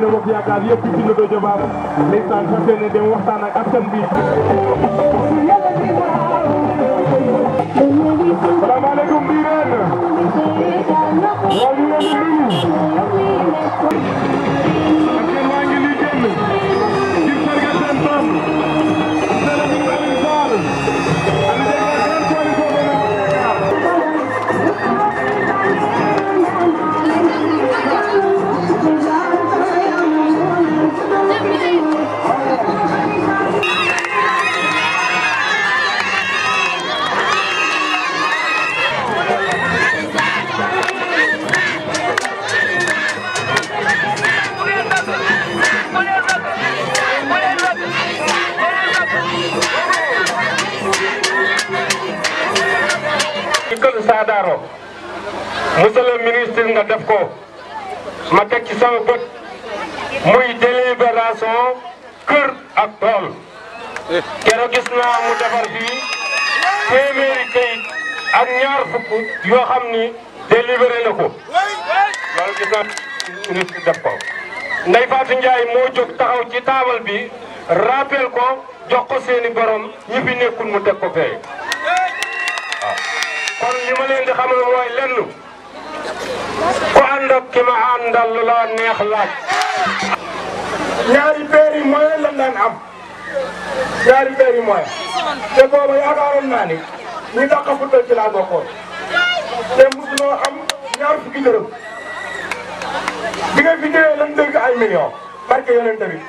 benn bopp yaakaar yëpp ci Notto Diobass ndeysaan fas yéene dem waxtaan ak askan bi. salaamaaleykum bii ren. waaw ñu ngi leen di nuyu. ma teg ci sama bët muy délibération kër ak tool keroog gis naa mu defar fii téeméeri kayit ak ñaar fukk yoo xam ni délibéré na ko loolu gis moo jóg taxaw ci taabal bi rappel ko jox ko seeni borom ñi fi nekkul mu teg ko kon li di xamal mooy lenn ku ànd ak ki ma àndal lu la neex laaj. ñaari paires yi moyen lañ daan am ñaari paires yi moyen te booba yaakaaroon naa ni ñu dàq futal ci laa bokkoon te mosuloo am ñaar fukki dërëm bi nga fi ñëwee lan dégg ay millions barke yeneen tamit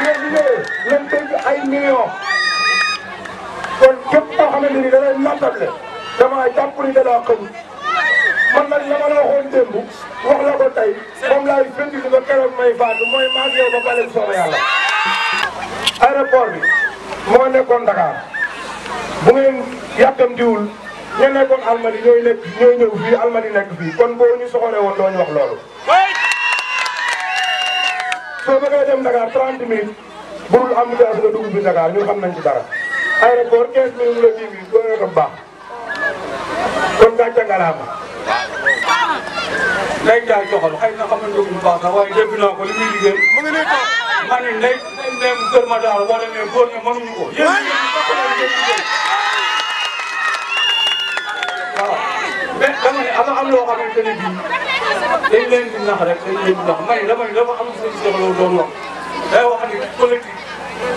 bi nga fi ñëwee lan dégg ay millions kon képp koo xamante ni da ngay nattable dama jàpp ni da laa xëy. man nag la ma la waxoon démb wax la ko tey moom laay félicité ba keroog may faatu mooy maag yow ba pare soobee yàlla. aéroport bi moo nekkoon Dakar bu ngeen yàkkamtiwul kon boo ñu soxoree woon doo ñu wax loolu. soo bëggee dem Dakar 30 minutes burul am nga dugg bi Dakar ñun xam nañ kon gàcce ngalaama. Ndeye Ndiaye joxal xëy na xam nañu ko bu baax sax waaye dégg naa ko li muy liggéey. mu ngi lay toog ma ne Ndeye Ndeye Kër Madaar wala ne góor ña mënuñu ko. yéen ñi waaw mais dama ne am am loo xamante ne bii dañ leen di nax rek dañ leen di nax may dama ne dafa am seen soxla doon wax day wax ni politique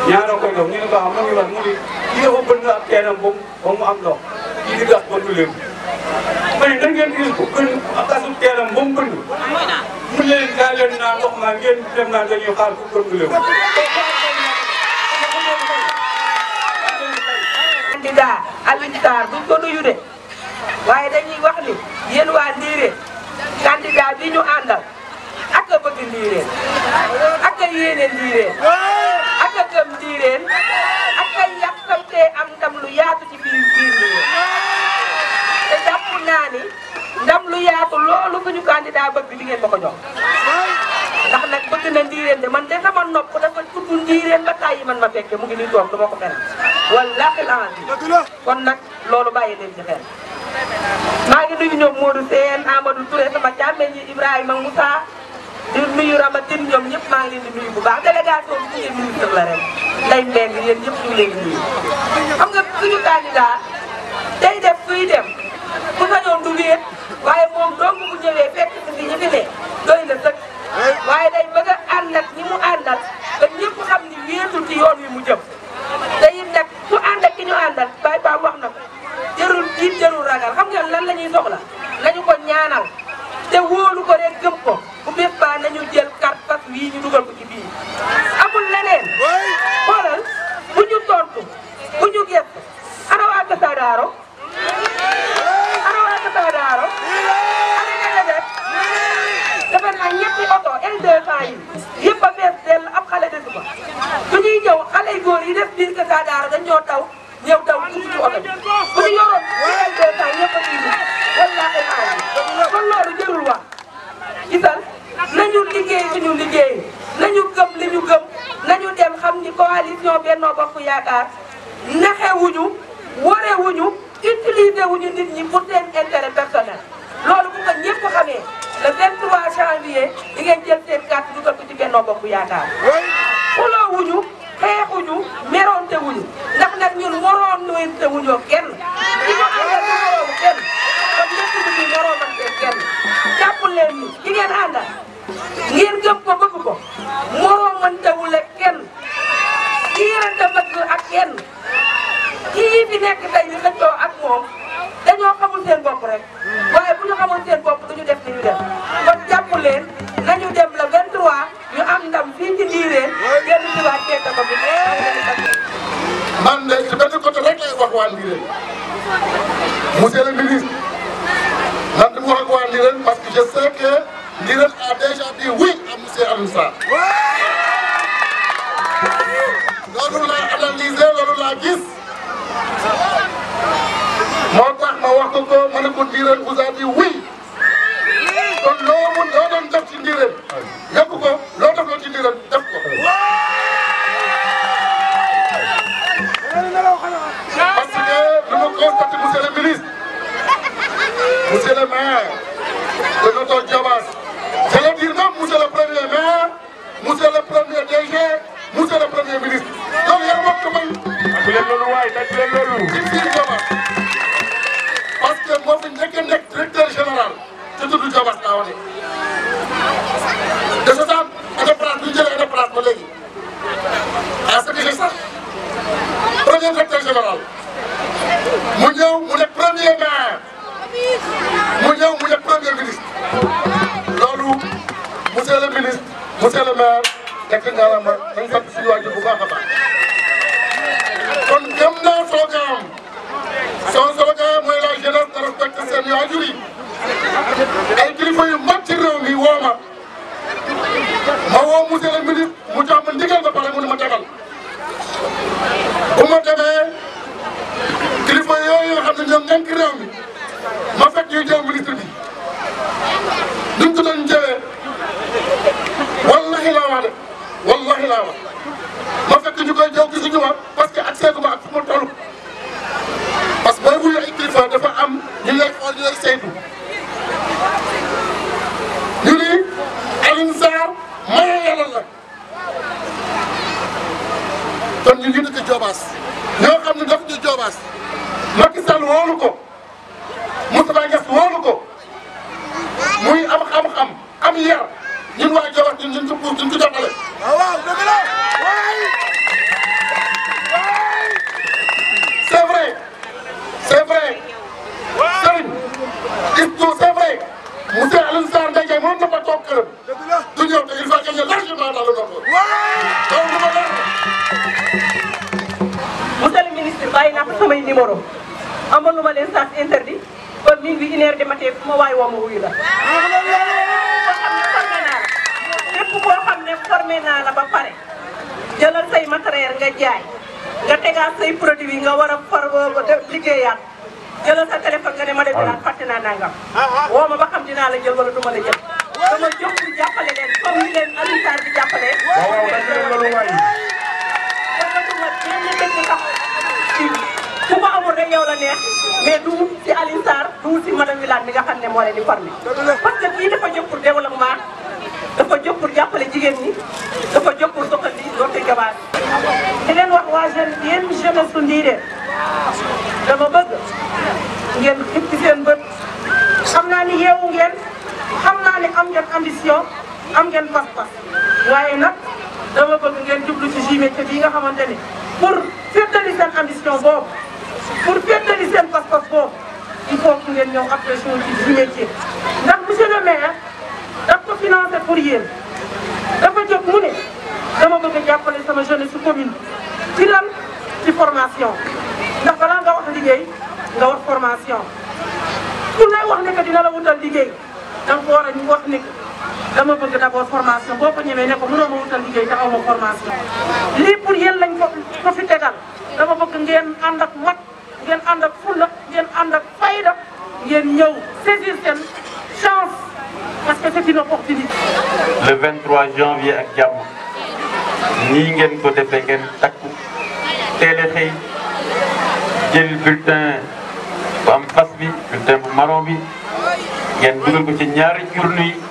ñaaroo koy dox ñu ne baax ah, ma ngi wax mu ne kii dafa bëgg na ab teenam ba mu am ndox kii di gas ba du léegi ma ne nan ngeen gis ku gën ak tasum teelam ba mu bënd mu leen gaa leen naa ndox maa ngeen dem naa dañuy xaar ku gën ku leen candidat Alioune Sarr duñ ko nuyu de waaye dañuy wax ni yéen waa Ndiiré candidat bi ñu àndal ak a bëgg Ndiiré ak a yéene Ndiiré ak a gëm Ndiiré ak a yàqamtee am ndam lu yaatu ci biir ndam lu yaatu loolu suñu candidat bëgg di ngeen ma ko jox ndax nag bëgg na ndiireen de man de sama nopp dafa tudd ndiireen ba tàyyi man ma fekke mu ngi nii toog du ma ko mel wallaahi la kon nag loolu bàyyi leen ci maa ngi nuyu ñoom Modou Seen Amadou Touré sama càmmeñ yi Ibrahima Moussa di nuyu Ramatine ñoom ñëpp maa ngi di nuyu bu baax délégation bi ñu ngi ministre la ren nday mbeng yéen ñëpp ñu ngi leen di nuyu xam nga suñu candidat day def waaye moom dong bu ñëwee fekk fi ñu fi ne na sëkk eh? waaye day bëgg a àndat ñi mu àndat ba ñëpp xam ni wéetul ci yoon wi mu jëm te it nag ku ànd ki ñu àndal Baye Ba wax na ko jërul jiit jërul ragal xam nga lan la ñuy soxla nañu ko ñaanal te wóolu ko rek ko bu bés ba nañu jël carte fas wii ñu dugal ko ci biir amul leneen xoolal bu ñu tontu up. kenn kii fi nekk tey ñu xëccoo ak moom dañoo xamul seen bopp rek waaye bu ñu xamul seen bopp du def ni ñu def kon jàpp leen nañu dem le 23 ñu am ndam fii ci diiree génn ci waa ceeta ko bi man de ci benn côté rek lay wax waa Ndirène monsieur le ministre man dama wax ak waa Ndirène parce que je sais que Ndirène a déjà dit oui à monsieur Alioune Sarr laa moo tax ma wax ko ma ne ko Ndiréne vous a dit loo mun loo doon def ci Ndiréne yokk loo def loo ci Ndiréne def ko. parce que lu ma constaté le ministre monsieur le maire de notre Diobass le premier maire monsieur le premier DG monsieur le premier ministre. leen loolu waaye daj leen loolu. ci biir Jobaas parce que moo fi njëkk a nekk directeur général te tudd Jobaas laa wane. de ce temps Indepraat bi ñu jëlee Indepraat ba léegi à ce que je sache premier directeur général mu ñëw mu ne premier maire mu ñëw mu ne premier ministre loolu monsieur le ministre monsieur le maire. nekk naa la ma dañ sant suñu waajur bu baax a baax. gëm naa slogan son slogan mooy la jeunesse de respecter seen waajur yi ay kilifa yu mag ci réew mi ma ma woo monsieur le mu jox ma ndigal ba pare mu ma demal bu ma demee kilifa yooyu nga ñoom ñànk réew ma fekk ñuy jëw ministre bi duñ ko doon jëwee de wallahi laa ma fekk ñu koy jëw gisuñu ma parce ak seetu yooyu saytu ñu ni Alioune Sarr maye yàlla la kon ñu ngi dëkk Diobass ñoo xam ne dafa ñu Diobass Macky Sall wóolu ko Moustapha Niass wóolu ko muy am xam-xam am yar ñun waa Diobass ñun ñun ko puus ñun ko jàppale numéro amaluma leen sens interdit ba minuit bi une heure de matin fu ma waay woo ma wuyu la. lépp koo xam ne formé naa la ba pare jëlal say matériel nga jaay nga tegaat say produit nga war a for liggéeyaat jëlal sa téléphone nga ne ma def daal fàtte naa nangam. woo ma ba xam dinaa la jël wala du ma la jël. dama jóg di jàppale leen comme ni leen Alioune Sarr di jàppale. waaw waaw dama leen loolu waay. dama duma benn benn sax. ak yow la neex mais du si Alioune Sarr du si madame Wilane mi nga xam ne moo leen di former parce que kii dafa jóg pour développement dafa jóg pour jàppale jigéen ñi dafa jóg pour doxal lii doote gabaat di leen wax waa jeune yéen jeunesse su Ndiiré dama bëgg ngeen xib ci seen bët xam ni yeewu ngeen xam ni am ngeen ambition am ngeen pas-pas waaye nag dama bëgg ngeen jublu ci ji métier bi nga xamante ni pour féetali seen ambition boobu pour féetali seen pas-pas boobu il faut que ngeen ñëw approché wu ci du métier. ndax monsieur le maire daf ko financé pour yéen dafa jóg mu ne dama bëgg a jàppale sama jeunesse su commune ci lan ci formation ndax balaa nga wax liggéey nga wax formation ku lay wax ne dina la wutal liggéey da nga ko wax ne. dama bëgg d'abord formation boo ko ñëwee ne ko mënoo ma wutal liggéey te aw formation lii pour yéen lañ ko ko fi tegal dama bëgg ngeen ànd ak mat ngeen ànd ak fulla ngeen ànd ak ngeen ñëw saisir seen chance parce que c'est une opportunité. le janvier ak jàmm nii ngeen ko defee ngeen takku teel a xëy jël bulletin bu am fas bi bulletin bu marron ngeen dugal ko ci ñaari journée yi.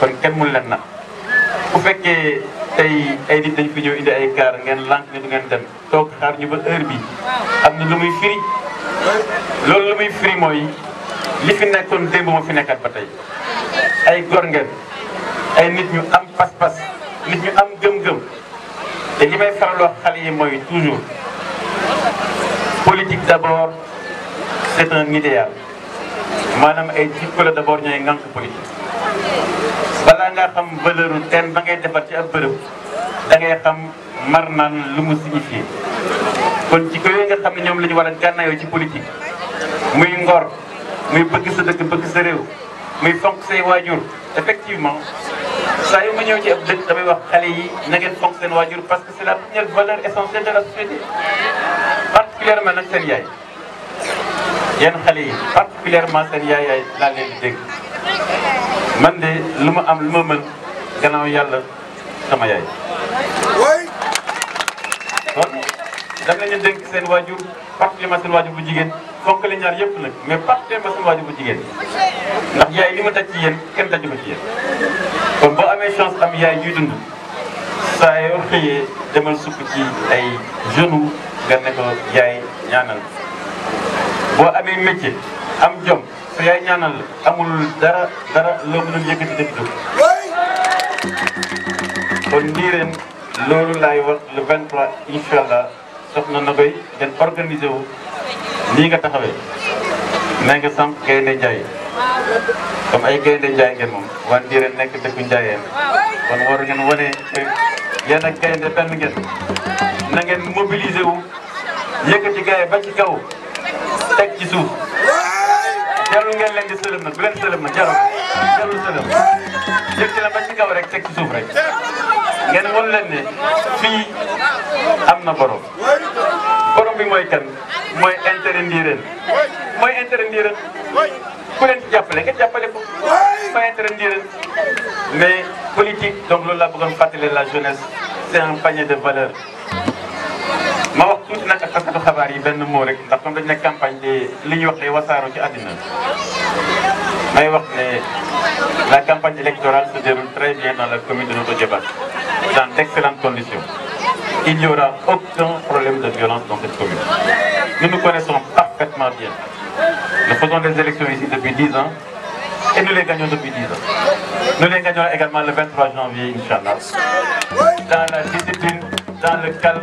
kon kenn mun leen na bu fekkee tey ay nit dañ fi ñëw indi ay kaar ngeen lànk ni du ngeen dem toog xaar ñu ba heure bi am na lu muy firi loolu lu muy firi mooy li fi nekkoon démb moo fi nekkat ba tey ay gor ngeen ay nit ñu am pas-pas nit ñu am gëm-gëm te li may faraloo xale yi mooy toujours politique d'abord c'est un idéal maanaam ay jikko la d'abord ñooy ngànk politique bala nga xam valeuru ten ba ngay defar ci ab beureup da ngay xam mar naan lu mu signifie kon ci koy nga xam ñom lañu wara gannaayo a ci politique muy ngor muy bëgg sa dëkk bëgg sa réew muy fonk say wajur effectivement sa yu ma ñew ci ab dëkk damay wax xalé yi na ngeen fonk seen wajur parce que c'est la première valeur essentielle de la société particulièrement nak seen yaay yéen xalé yi particulièrement seen yaay yaay la leen di dégg man de lu ma am lu ma mën yàlla sama yaay. kon dam nañu dénk seen waajur fàttali ma seen waajur bu jigéen fonk li ñaar yëpp nag mais fàttali ma seen waajur bu jigéen ndax yaay li ma taj ci yéen kenn taju ko ci yéen. kon boo amee chance am yaay ñuy dund saa yoo xëyee demal sukk ci ay genoux nga yaay ñaanal boo amee métier am jom. su yaay ñaanal amul dara dara loo mën a yëkkati def jóg kon nii ren loolu laay wax le 23 incha allah soxna na koy ngeen organisé wu nii nga taxawe nee nga samp gaynde jaay comme ay gaynde njaay ngeen moom waan nii ren nekk dëkku njaayeen kon war ngeen wane yéen ak gaynde benn ngeen na ngeen mobilisé wu yëkkati ba ci kaw teg ci jarul ngeen leen di sëlëm nag bu leen sëlëm nag jarul jarul sëlëm jël ci la ba ci kaw rek teg ci suuf rek ngeen won leen ne fii am na borom borom bi mooy kan mooy intérêt Ndiirène mooy intérêt Ndiirène ku leen ci jàppale nga jàppale ko mooy intérêt Ndiirène mais politique donc loolu laa bëggoon fàttali la jeunesse c'est un panier de valeurs campagne de la campagne électorale se déroule très bien dans la commune de notre dans d'excellentes conditions il n'y aura aucun problème de violence dans cette commune nous nous connaissons parfaitement bien nous faisons des élections ici depuis 10 ans et nous les gagnons depuis 10 ans nous les gagnerons également le 23 janvier Inch'Allah dans la discipline dans le calme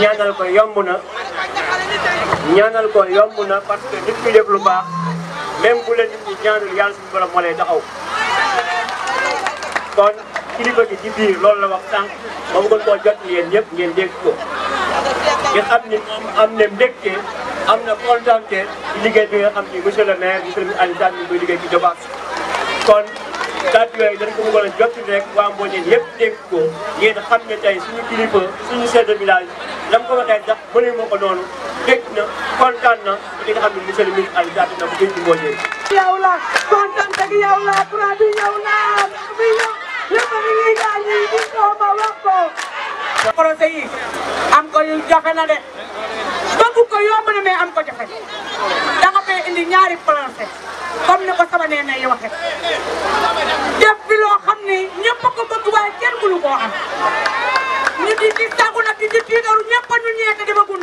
ñaanal ko yomb na ñaanal ko yomb na parce que nit ku def lu baax même bu la ñaanul yàlla suñu kilifa loolu la wax sànq ma bëggoon koo jot ngeen dégg ko am ni moom na mbégte am na bi nga xam ni monsieur le maire monsieur le Aliou Sall mi ngi a jot rek waa suñu kilifa suñu lam ko waxee sax mënee moo ko noonu dégg na kontaan na li nga xam ne monsieur le ministre Aliou Diagne na ko dégg ngoo jëlee. yow la kontaan teg yow la courant bi ñëw naa bi ñëw lépp mi ngi daal ñuy gis ko ma wax ko. projet yi am ko yu jafe na de bëgg ko yomb na mais am ko jafe da nga fee indi ñaari projet comme ni ko sama neen yi waxee def bi loo xam ni ñëpp ko bëgg waaye kenn mënu koo am ñu di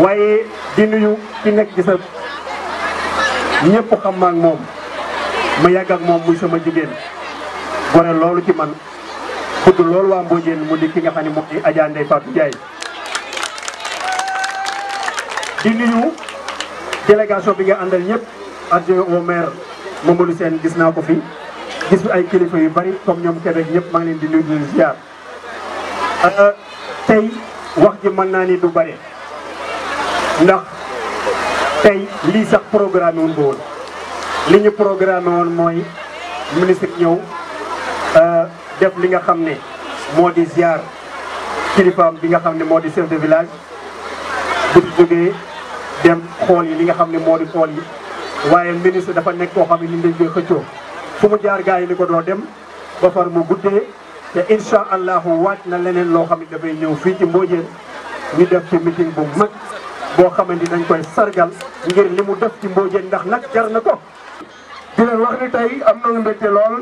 waye di nuyu ki nek ci sa ñepp xam ma ak mom ma yag ak mom muy sama jigen gore lolu ci man lolu wa mbo jeen mu di ki nga xani mo moom di Adja Ndeye Fatou jay di nuyu delegation bi nga andal ñepp adjo au maire Mamadou sen gis na ko fi gis ay kilifa yu bari comme ñom Québec ñepp ma ngi leen di nuyu di ziar euh, tay wax ji man na ni du bari ndax tey lii sax programme woon ba woon ñu programme woon mooy ministre ñëw euh, def li nga xam ne moo di ziar kilifaam bi nga xam ne moo di chef de village bu jógee dem xool yi li nga xam ne moo di xool yi waaye ministre dafa nekk koo xam ne ni dañ koy xëccoo fu mu jaar gaa yi ni ko doo dem ba far mu guddee te incha allahu waaj na leneen loo xam ne dafay ñëw fii ci Mbodiène ñu def ci meeting bu mag boo xamante dañ koy sargal ngeen li mu def ci Mbodiène ndax nag jar na ko. di leen wax ni tey am nañu mbégte lool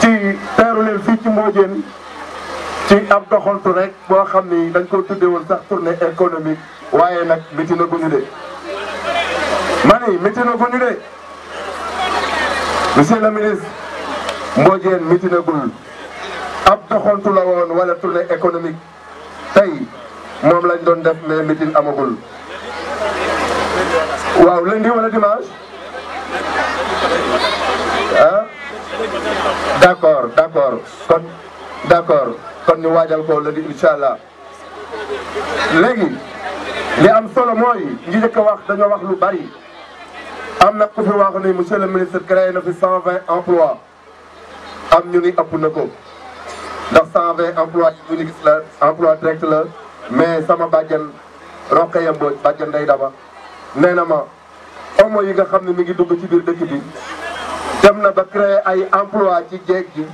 ci teeru leen fii ci Mbodiène ci ab doxantu rek boo xam ni dañ ko tuddee woon sax tournée économique waaye nag métti na bu de. ma ni métti na bu de monsieur le ministre Mbodiène métti na gul ab doxantu la woon wala tournée économique tey. moom lañu doon def mais meeting amagul. waaw lundi wala dimanche ah d' accord d' accord kon d' accord kon ñu waajal ko lundi incha allah léegi li am solo mooy ñi njëkk a wax dañoo wax lu bari am na ku fi wax ni monsieur le ministre créé na fi 120 emplois am ñu ni ëpp na ko ndax 120 emplois unique la emploi direct la. mais sama bàjjen Rokhaya Mbodj bàjjen Ndeye Daba nee na ma omo yi nga xam ne mi ngi dugg ci biir dëkk bi dem na ba créer ay emploi ci jeeg ji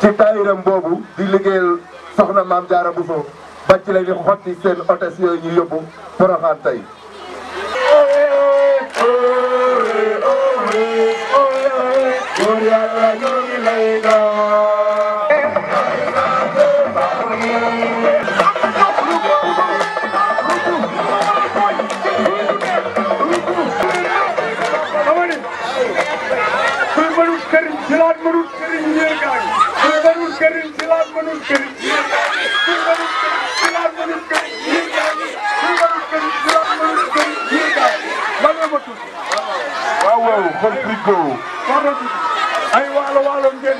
ci tayiram boobu di liggéeyal soxna maam Jaara Bousso ba ci la ñu xotti seen hôtesse yooyu ñu yóbbu Porokhane tey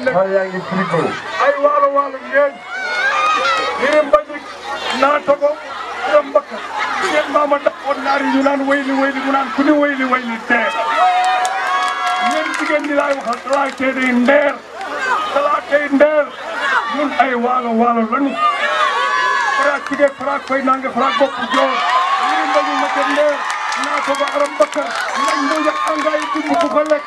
nag xale yaa ngi frigo ay waalo waalo ngeen yéen mbajik naa togo da mbakk seen maama da woon naar naan wayli wayli mu naan ku ni wayli wayli tee yéen laay waxal talaatee day ndeer talaatee ndeer ñun ay waalo waalo lañu faraak tige faraak fay nange faraak bopp joor yéen mbajik ma ca ndeer naa togo aram bakkar nañ mu njëkk angaay dund ku ko lekk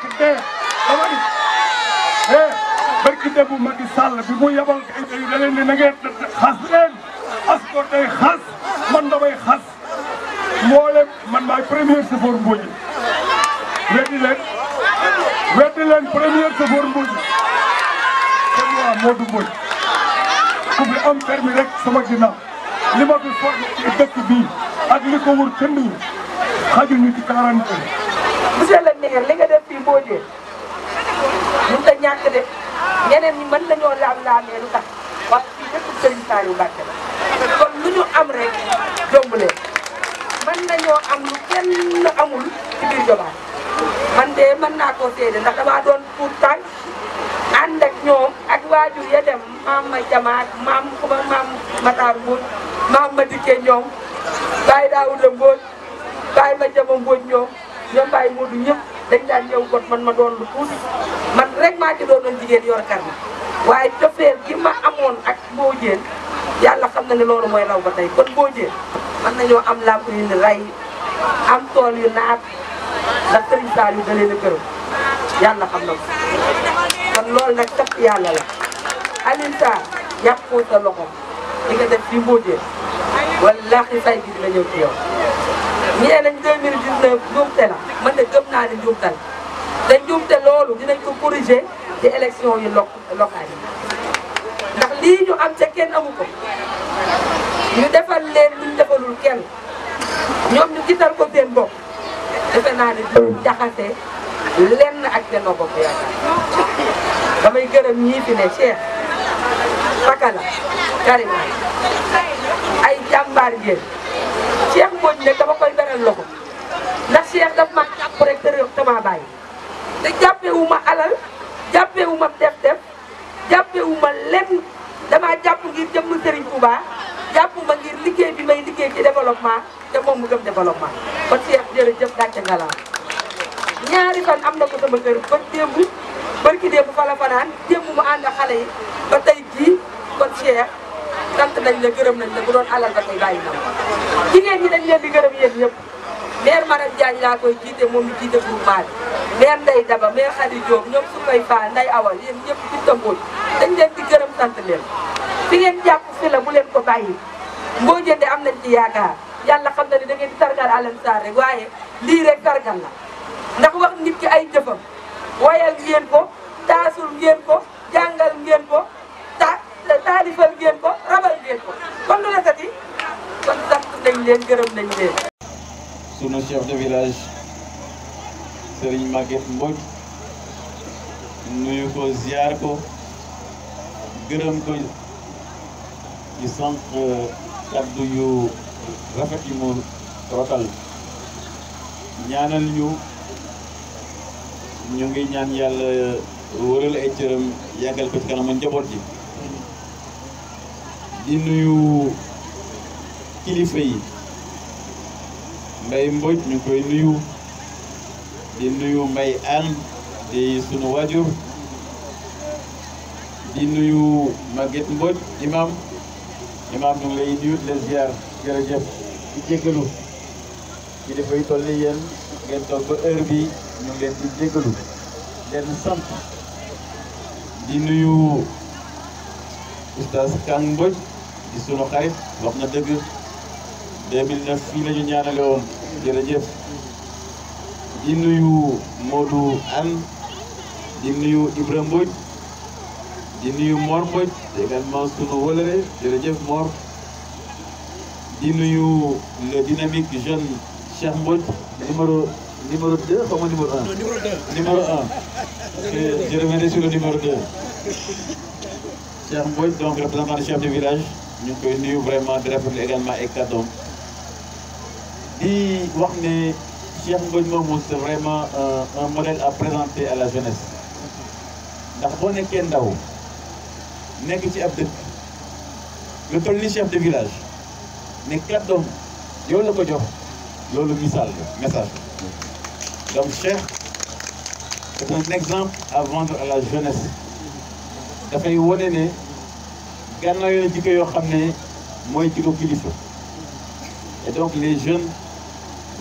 déggu Macky Sall bi mu yabal ay ay leneen ni na ngeen xas leen askor day xas man damay xas mboolem man maay premier chauffeur Mbodj weddi leen weddi leen premier chauffeur Mbodj te moi Modou Mbodj ku fi am permis rek sama ginnaaw li ma fi for ci dëkk bii ak li ko wër kenn ñu xajuñu ci quarante monsieur le maire li nga def fii Mbodj mënut a ñàkk de ñeneen ñi mën lañoo laam-laamee lu tax waaye fii dëkkub Serigne Saliou Mbacké la kon lu ñu am mën nañoo am lu kenn amul ci biir Jobaas man de mën naa koo seede ndax damaa doon pour tànk ànd ak ñoom ak waajur ya dem maam ma jamaat maam ma maam Matar Mbodj maam ma dikkee ñoom Baye Daouda Mbodj Baye ma jama Mbodj ñoom ñoom Baye Modou ñëpp dañ daan ñëw got man ma doon lu tuuti man rek maa ci doon jigéen yor karne waaye cofeel gi ma amoon ak boo jéen yàlla xam na ne loolu mooy law ba tey kon boo jéen man nañoo am làmp yu ni ray am tool yu naat ndax sëriñ yu da a gërëm yàlla xam na ko kon loolu nag takk yàlla la Alioune Sarr loxo li nga def fii boo jéen wallaahi say gis la ñëw ci yow ñu ne lañ 2019 njuumte la man de gëm naa ne njuumte la te njuumte loolu dinañ ko corriger ci élection yu lo locales yi ndax lii ñu am ca kenn amu ko ñu defal leen luñ defalul kenn ñoom ñu gisal ko seen bopp defe naa ne du jaxase lenn ak Benno Bokk Yaakaar damay gërëm ñii fi ne Cheikh Fakala Karima ay jàmbaar ngeen tàllal loxo ndax Cheikh daf ma jàpp rek te réew dama bàyyi te jàppewu ma alal jàppewu ma def-def jàppewu ma lenn damaa jàpp ngir jëmm Serigne Touba jàpp ma ngir liggéey bi may liggéey ci développement te moom mu gëm développement kon Cheikh jërëjëf gàcce nga laa ñaari fan am na ko sama kër ba démb barki démb fa la fanaan démb mu ànd ak yi ba tey jii kon Cheikh sant nañ la gërëm nañ la bu doon alal da koy bàyyi na jigéen ñi dañ leen di gërëm yéen ñëpp maire Maram Diagne laa koy jiite moom mi jiite groupement bi maire Ndeye Daba maire Khady Diop ñoom su koy Fall Ndeye Awa yéen ñëpp ci tëmbooj dañ leen di gërëm sant leen fi ngeen jàpp fi la bu leen ko bàyyi boo jëndee am nañ ci yaakaar yàlla xam na ne da ngeen di sargal Alioune Sarr waaye lii rek sargal la ndax wax nit ki ay jëfam woyal ngeen ko taasul ngeen ko jàngal ngeen ko te taalifal chef de village Serigne Maguette Mbodj nuyu ko ziar ko gërëm ko ci sant euh, kaddu yu rafet yi mu rotal ñaanal ñu ñu ngi ñaan yàlla wëral ay cëram ko ci kanamu njaboot ji. di nuyu kilifa yi Mbay Mbodj ñu koy nuyu di nuyu Mbay Ann di sunu wajur di nuyu Maguette Mbodj imam imam ñu lay nuyu leen ziar jërëjëf di jégalu kilifa yi toll yéen ngeen toog ba heure bi ñu leen di jégalu leen sant di nuyu oustaz Kang Mbodj di sunu xarit wax na dëgg 2009 fii la ñu ñaanale woon jërëjëf di nuyu Modou Anne di nuyu Ibra Mbodj di nuyu Mor Mbodj également sunu wëlëre jërëjëf Mor di nuyu le dynamique jeune Cheikh Mbodj numéro numéro 2 xaw ma numéro 1. numéro 2 numéro 1. parce que Cheikh Mbodj donc représentant du chef du village ñu ngi koy nuyu vraiment di rafetlu également ay kàddoom di wax ne Cheikh Mbodj moomu c'est vraiment un modèle à présenter à la jeunesse ndax boo nekkee ndaw nekk ci ab dëkk le toll chef de village ne kàddoom yow la ko jox loolu misaal la message donc Cheikh c'est un exemple à vendre à la jeunesse dafay wone ne gànnaaw na jikko yo xamné moy ci do kilifa et donc les jeunes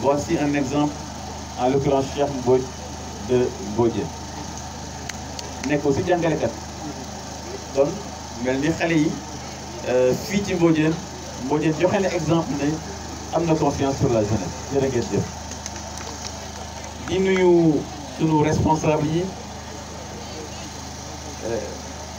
voici un exemple en l'occurrence Cheikh Mbodj de Mbodje nekk aussi jàngalekat kon mel ni xalé yi euh fi ci Mbodjeen Mbodjeen joxe na exemple né amna na confiance sur la jeunesse jërë ngeen jëf di nuyu sunu responsable yi euh,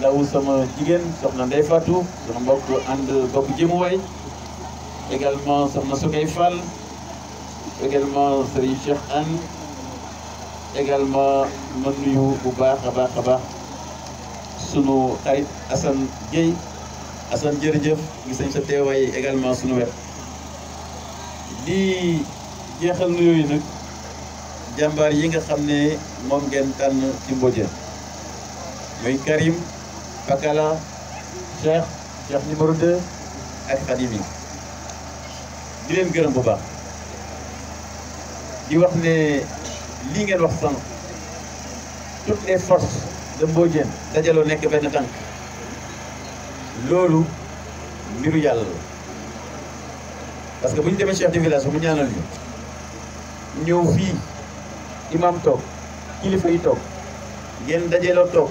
ndaw sama digen soxna Ndeye Fatou sama mbokk ànd bokk jëmuwaay également soxna Sokay Fall également Serigne Cheikh Anne également ma nuyu bu baax a baax a baax sunu xarit Assane Gueye Assane jërëjëf gis nañ sa teewaay également sunu wet di jeexal nu yooyu nag jàmbaar yi nga xam ne ngeen tànn ci Mbodiène Karim Pakala Cheikh Cheikh numéro 2 ak Khadim yi di leen gërëm bu baax di wax ne lii ngeen wax sànq toutes les forces de dajaloo nekk benn tànk loolu mbiru yàlla la parce que bu ñu demee chef de village bu ñaanal ñu ñëw fii imam toog kilifa yi toog ngeen dajaloo toog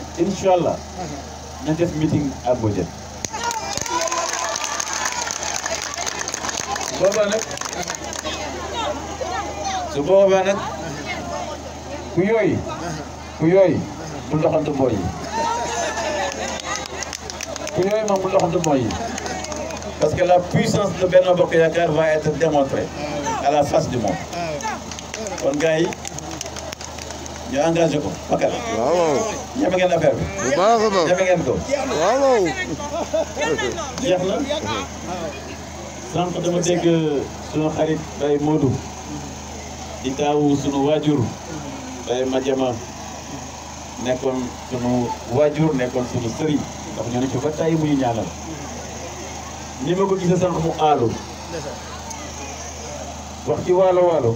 inshallah na def meeting à su boba nag su boobaa nag ku yoy ku yoy bu loxantu mbooy yi ku yoy ma bu loxantu mbooy parce que la puissance de Benno Bokk va être démontrée à la face du monde kon gars ñu engagé ko Bakar. waaw. ñeme a baax ñeme ko. waaw. jeex na. dama dégg eh, sunu xarit Baye Modou. di sunu waajur. Baye Madiama. nekkoon sunu waajur nekkoon sunu sëriñ. ndax ñoo ne ci ba tey muy ñaanal. ni ma ko gisee sànq mu aalu. wax waalo waalo.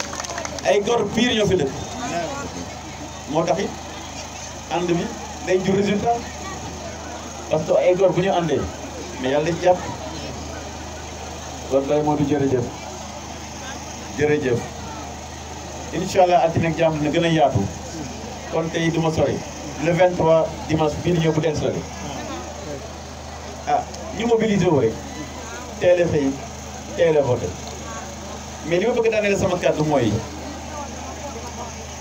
ay gor pire ñoo fi dëkk moo tax it ànd bi day jur résultat parce que ay gor bu ñu àndee mais yàlla dañ jàpp kon day moo du jërëjëf jërëjëf incha allah ati nag na gën a yaatu kon tey du ma sori le 23 dimanche bii di ñëw bu dee ah ñu mobilisé wu rek teel mais li ma bëgg daaneel sama kàddu mooy.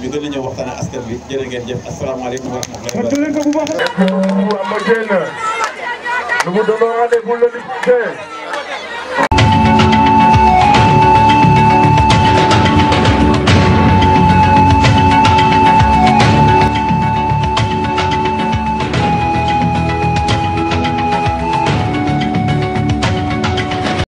ñu gën a ñëw waxtaan ak askan bi jërë ngeen jëf asalaamaaleykum wa rahmatulah. bu baax. bu